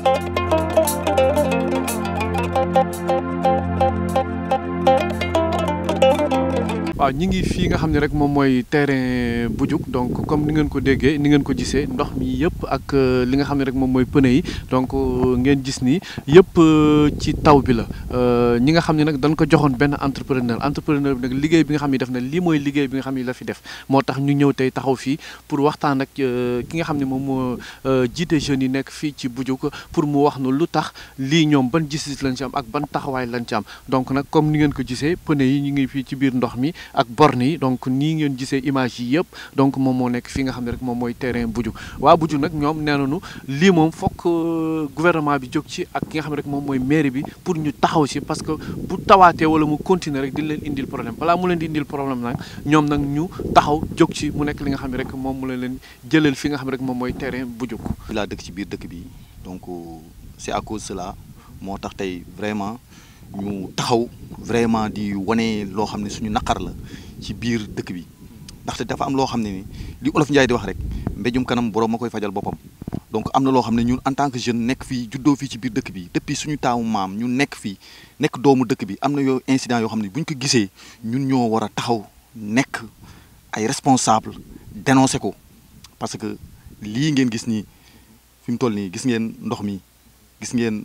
Thank you. waaw ñi ngi fii nga xam ne rek moom mooy terrain Bujuk donc comme ni ngeen ko déggee ni ngeen ko gisee ndox mi yëpp ak euh, li nga xam ne rek moom mooy pneu yi donc euh, ngeen gis ni yëpp euh, ci taw bi la ñi nga xam ni nag dañ ko joxoon benn entrepreneur entrepreneur bi nag liggéey bi nga xam ne def na lii mooy liggéey bi nga xam ni la fi def moo tax ñu ñëw tey taxaw fii pour waxtaan ak ki nga xam ne moom moo jiite jeunes yi nekk fii ci Bujuk pour mu wax nu lu tax lii ñoom ban gis lañ ci am ak ban taxawaay lañ ci am donc nag comme ni ngeen ko gisee pneu yi ñu ngi fii ci biir ndox mi ak borne yi donc nii ngeen gisee image yi yëpp donc moom moo nekk fi nga xam ne rek moom mooy bu jug waa Buju nag ñoom nee nañu lii moom fokk euh, gouvernement bi jóg ci ak ki nga xam ne rek moom mooy mairie bi pour ñu taxaw ci parce que bu tawaatee wala mu continuer rek di leen indil problème balaa mu leen di indil problème nag ñoom nag ñu taxaw jóg ci mu nekk li nga xam ne rek moom mu leen jëlal fi nga xam ne rek moom mooy terrain Buju laa dëkk ci biir dëkk bi donc euh, c'est à cause moo tax tey vraiment ñu taxaw vraiment di wane loo xam ne suñu naqar la ci biir dëkk bi ndaxte dafa am loo xam ne ni li olof Njaay di wax rek mbéjum kanam borom ma koy fajal boppam donc am na loo xam ne ñun en tant que jeune nekk fii juddoo fii ci biir dëkk bi depuis suñu taawu maam ñu nekk fii nekk doomu dëkk bi am na yooyu incident yoo xam ne bu ñu ko gisee ñun ñoo war a taxaw nekk ay responsable dénoncé ko parce que lii ngeen gis nii fi mu toll nii gis ngeen ndox mi gis ngeen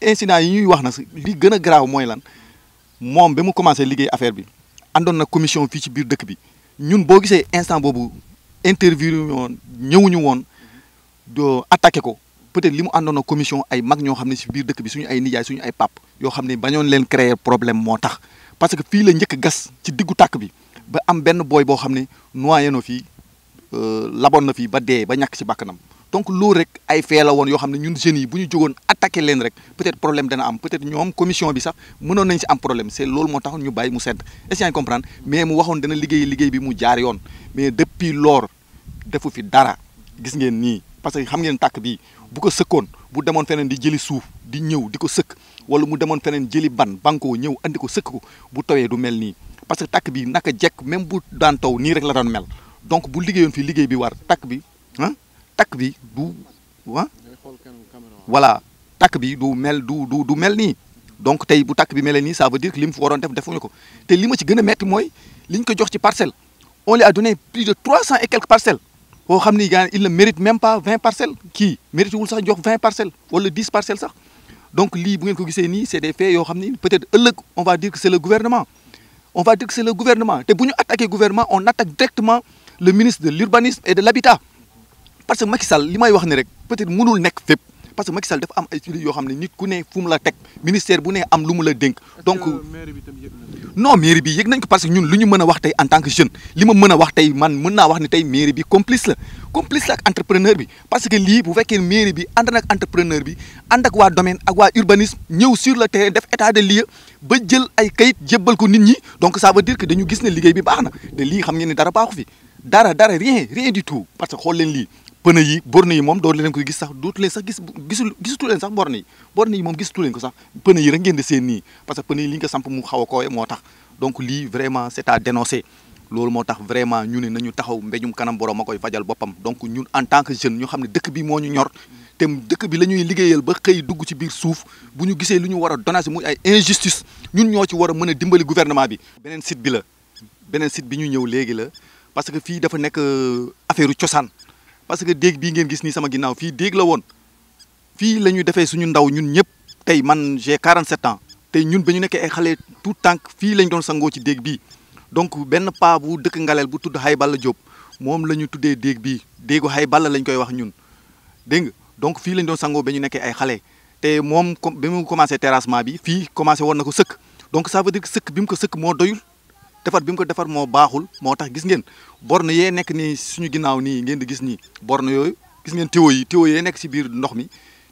incident yi ñuy wax na li gën a garaaw mooy lan moom ba mu commencé liggéey affaire bi àndoon na commission fii ci biir dëkk bi ñun boo gisee instant boobu interview woon ñëwuñu woon doo attaqué ko peut-être li mu àndoon na commission ay mag ñoo xam ne si biir dëkk bi suñu ay nijaay suñu ay pap yoo xam ne bañoon leen créer problème moo tax parce que fii la njëkk gas ci diggu tàkk bi ba am benn booy boo xam ne noyé na fii euh, laboon na fii ba dee ba ñàkk ci bàkkanam donc lou rek ay la won yo xamné ñun jeune yi buñu jogon attaquer len rek peut-être problème dana am peut-être ñom commission bi sax mënon nañ ci am problème c'est lool motax ñu bay mu sedd est ce que comprendre mais mu waxon dana liggéey liggéey bi mu jaar yoon mais depuis lor defu fi dara gis ngeen ni parce que xam ngeen tak bi bu ko sekkon bu demon fenen di jeli souf di ñew diko sekk wala mu demon fenen jeli ban banko ñew andiko sekk ko bu tawé du mel ni parce que tak bi naka jek même bu dantaw ni rek la don mel donc bu liggéeyon fi liggéey bi war tak bi hein tak bi du ah? voilà tak bi du mel du du mel donc t'es bu tak bi mel ça veut dire que lim mu waron def defuñu ko te li ma ci gëna metti ko jox ci parcelle on lui a donné plus de 300 et quelques parcelles Ils xamni il ne mérite même pas 20 parcelles qui mérite wul sax jox 20 parcelles wala 10 parcelles sax donc li bu ngeen ko c'est des faits yo xamni peut-être euleuk on va dire que c'est le gouvernement on va dire que c'est le gouvernement té buñu attaquer le gouvernement on attaque directement le ministre de l'urbanisme et de l'habitat parce que Macky Sall li may wax ni rek peut mënul nekk fépp parce que Macky Sall dafa am ay yoo xam ne nit ku ne fu mu la teg ministère bu ne am lu mu la dénk donc non mairie bi yëg nañ ko parce que ñun lu ñu mën a wax tey en tant que jeune li ma a wax tey man mën naa wax ne tey mairie bi complice la complice la ak entrepreneur bi parce que lii bu fekkee mairie bi ànd ak entrepreneur bi ànd ak waa domaine ak waa urbanisme ñëw sur le terrain def état de ba jël ay kayit jébbal ko nit ñi donc ça veut dire dañu gis ne liggéey bi baax na te lii xam ngeen ne dara baaxu fi dara dara rien parce que xool leen lii pëne yi borne yi moom doo leen koy gis sax dootu leen sax gis gisul gisutul leen sax borne yi borne yi moom gisutul leen ko sax pëne yi rek ngeen di seen nii parce que pëne yi li nga samp mu xaw a kooye donc lii vraiment c' est à dénoncer loolu moo vraiment ñu ne nañu taxaw mbéjum kanam borom a koy fajal boppam donc ñun en tant que jeune ñu xam ne dëkk bi moo ñu ñor te dëkk bi la liggéeyal ba xëy dugg ci biir suuf bu ñu gisee lu ñu muy ay injustice ñun ñoo ci war a mën a dimbali gouvernement bi benen site bi la beneen site bi ñu ñëw léegi la parce que fii dafa nekk euh, affaire cosaan parce que déeg bii ngeen gis ni sama ginnaaw fii déeg la woon fii la ñuy defee suñu ndaw ñun ñëpp tey man j'ai 47 ans tey ñun ba ñu nekkee ay xale tout tànk fii lañ doon sangoo ci déeg bii donc benn paa bu dëkk ngaleel bu tudd Haye Balla Diop moom la ñu tuddee déeg bii déegu Haye Balla lañ koy wax ñun dégg nga donc fii lañ doon sangoo ba ñu nekkee ay xale te moom ba mu commencé terrassement bi fii commencé woon na ko sëkk donc ça veut dire sëkk bi mu ko sëkk moo doyul defar bi mu ko defar moo baaxul moo tax gis ngeen borne yee nekk nii suñu ginnaaw nii ngeen da gis nii borne yooyu gis ngeen tiwo yi tiwo yee nekk si biir ndox mi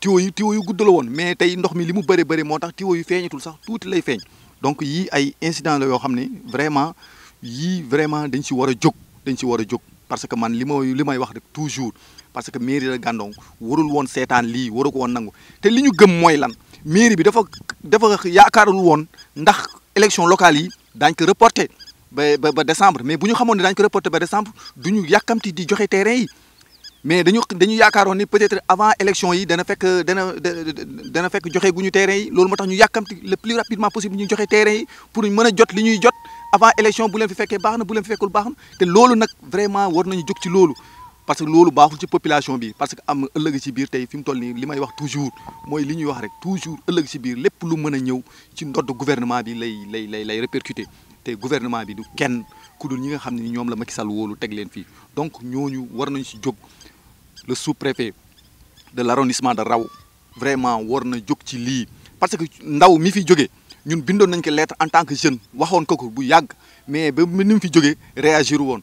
tiwo yi tiwo yu gudd la woon mais tey ndox mi li mu bëri bëri moo tax tiwo yu feeñatul sax tuuti lay feeñ donc yii ay incident la yoo xam ne vraiment yii vraiment dañ si war a jóg dañ si war a jóg parce que man li may li may wax rek toujours parce que mairie la Gandon warul woon seetaan lii waru ko woon nangu te li ñu gëm mooy lan mairie bi dafa dafa yaakaarul woon ndax élection locale yi daañu ko reporté ba ba ba décembre mais bu ñu xamoon ne daañu ko reporté ba décembre duñu ñu yàkkamti di joxe terrain yi mais dañu dañu yaakaaroon ni peut-être avant élection yi dana fekk dana dana fekk joxe guñu terrain yi loolu moo tax ñu yàkkamti le plus rapidement possible ñu joxe terrain yi pour mën a jot li ñuy jot avant élection bu leen fi fekkee baax na bu leen fi fekkul baax na te loolu nag vraiment war nañu jóg ci loolu parce que loolu baaxul ci population bi parce que am ëllëg ci biir tay fim mu toll nii li wax toujours moy li ñuy wax rek toujours ëllëg ci biir lepp lu mën a ñëw ci ndodd gouvernement bi lay lay lay lay répercuté te gouvernement bi du kenn ku dul ñi nga xam ne la Macky Sall wolu teg leen fi donc ñoñu war nañ ci jog le sous-préfet de l'arrondissement de Raw vraiment war na jog ci li parce que ndaw mi fi joggé ñun bindon nañ ko lettre en tant que jeune waxon ko ko bu yag mais ba nim fi joggé réagir woon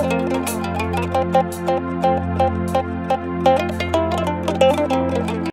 Thank you.